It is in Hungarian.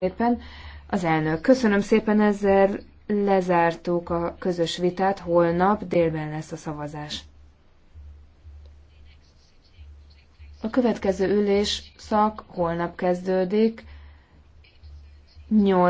szépen. Az elnök, köszönöm szépen, ezzel lezártuk a közös vitát, holnap délben lesz a szavazás. A következő ülés szak holnap kezdődik, 8